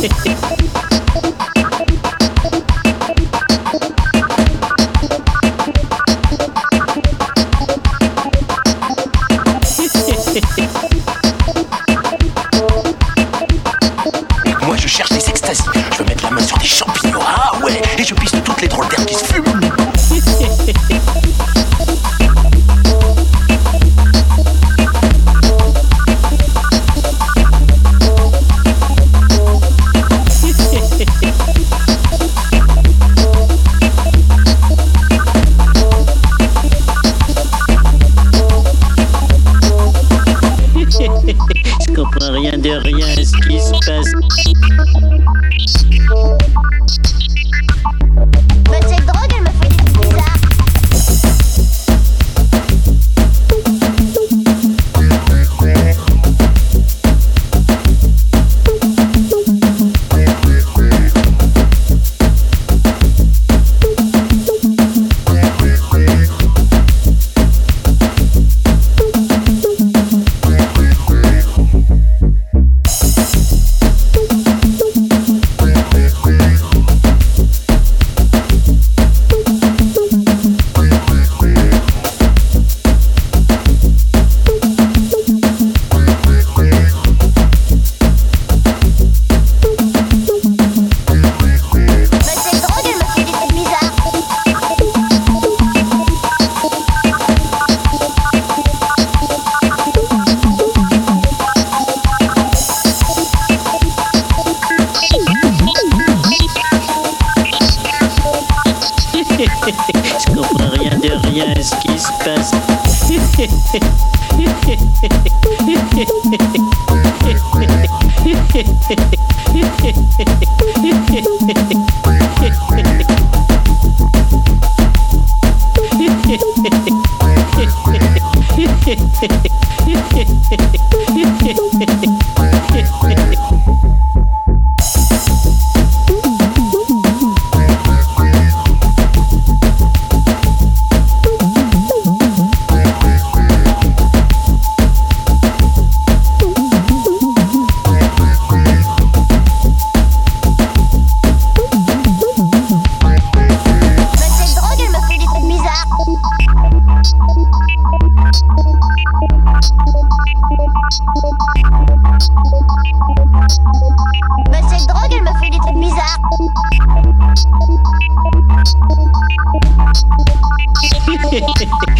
Hehehehe rien Je comprends rien de rien ce qui se passe. Hehehehe